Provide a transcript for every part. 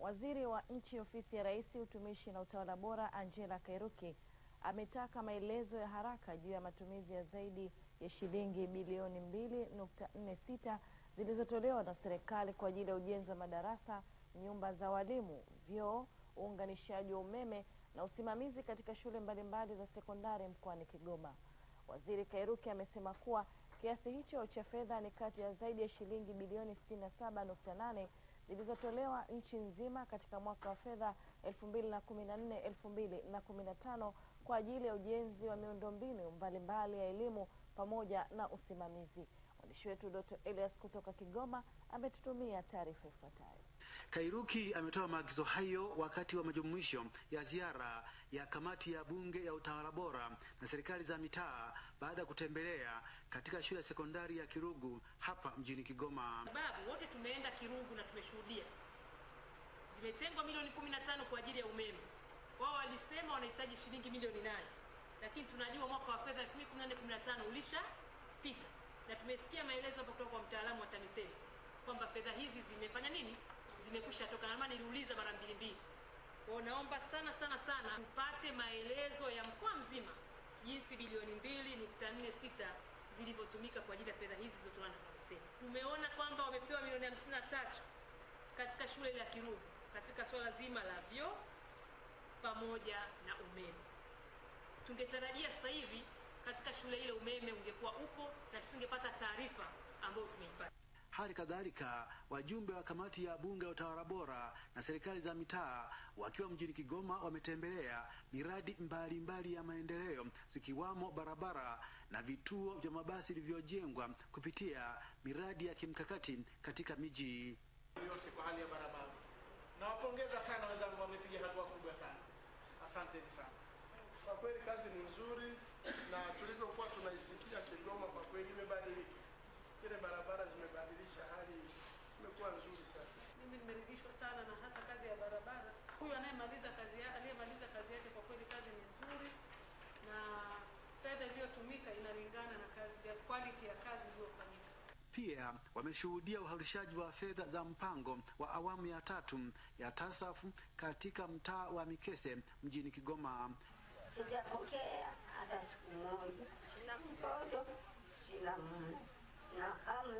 Waziri wa Nchi, Ofisi ya Rais, Utumishi na Utawala Bora, Angela Kairuki ametaka maelezo ya haraka juu ya matumizi ya zaidi ya shilingi bilioni 2.46 zilizotolewa na serikali kwa ajili ya ujenzi wa madarasa, nyumba za walimu, vyoo, uunganishaji wa umeme na usimamizi katika shule mbalimbali za sekondari mkoani Kigoma. Waziri Kairuki amesema kuwa kiasi hicho cha fedha ni kati ya zaidi ya shilingi bilioni 67.8 zilizotolewa nchi nzima katika mwaka wa fedha 2014 2015 kwa ajili ya ujenzi wa miundombinu mbalimbali ya elimu pamoja na usimamizi. Mwandishi wetu Dkt. Elias kutoka Kigoma ametutumia taarifa ifuatayo. Kairuki ametoa maagizo hayo wakati wa majumuisho ya ziara ya kamati ya bunge ya utawala bora na serikali za mitaa baada ya kutembelea katika shule ya sekondari ya Kirugu hapa mjini Kigoma. Sababu wote tumeenda Kirugu na tumeshuhudia zimetengwa milioni kumi na tano kwa ajili ya umeme. Wao walisema wanahitaji shilingi milioni nane lakini tunajua mwaka wa fedha 2014/15 ulishapita na tumesikia maelezo hapo kutoka kwa mtaalamu wa TAMISEMI kwamba fedha hizi zimefanya nini zimekwisha toka, na maana niliuliza mara mbili mbili. Kwa naomba sana sana sana tupate maelezo ya mkoa mzima jinsi bilioni mbili nukta nne sita zilivyotumika kwa ajili ya fedha hizi zilizotolewa na TAMISEMI. Tumeona kwamba wamepewa milioni hamsini na tatu katika shule ya Kirubi katika swala zima la vyoo pamoja na umeme. Tungetarajia sasa hivi katika shule ile umeme ungekuwa upo na tusingepata taarifa ambayo tumeipata. Hali kadhalika wajumbe wa kamati ya bunge ya utawala bora na serikali za mitaa wakiwa mjini Kigoma wametembelea miradi mbalimbali mbali ya maendeleo zikiwamo barabara na vituo vya mabasi vilivyojengwa kupitia miradi ya kimkakati katika miji yote kwa hali ya barabara. Nawapongeza sana wenzangu, wamepiga hatua kubwa sana. Asanteni sana. Kwa kweli kazi ni nzuri na huyu anayemaliza kazi yake aliyemaliza kazi yake kwa kweli kazi ni nzuri na fedha iliyotumika inalingana na kazi ya quality ya kazi iliyofanyika. Pia wameshuhudia uhalishaji wa fedha za mpango wa awamu ya tatu ya TASAFU katika mtaa wa Mikese mjini Kigoma. Sijapokea hata siku moja, sina mtoto, sina mume na kama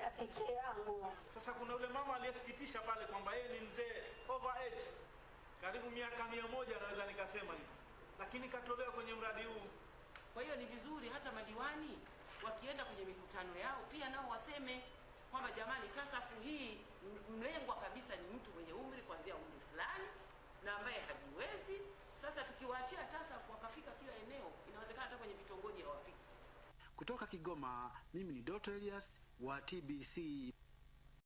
ya pekee yangu. Sasa kuna yule mama aliyesikitisha pale kwamba yeye ni mzee over age, karibu miaka mia moja naweza nikasema hivi, lakini katolewa kwenye mradi huu. Kwa hiyo ni vizuri hata madiwani wakienda kwenye mikutano yao pia nao waseme kwamba jamani, tasafu hii mlengwa kabisa ni mtu mwenye umri kuanzia umri fulani na ambaye hajiwezi. Sasa tukiwaachia tasafu wakafika kila eneo, inawezekana hata kwenye vitongoji kutoka Kigoma, mimi ni Doto Elias wa TBC.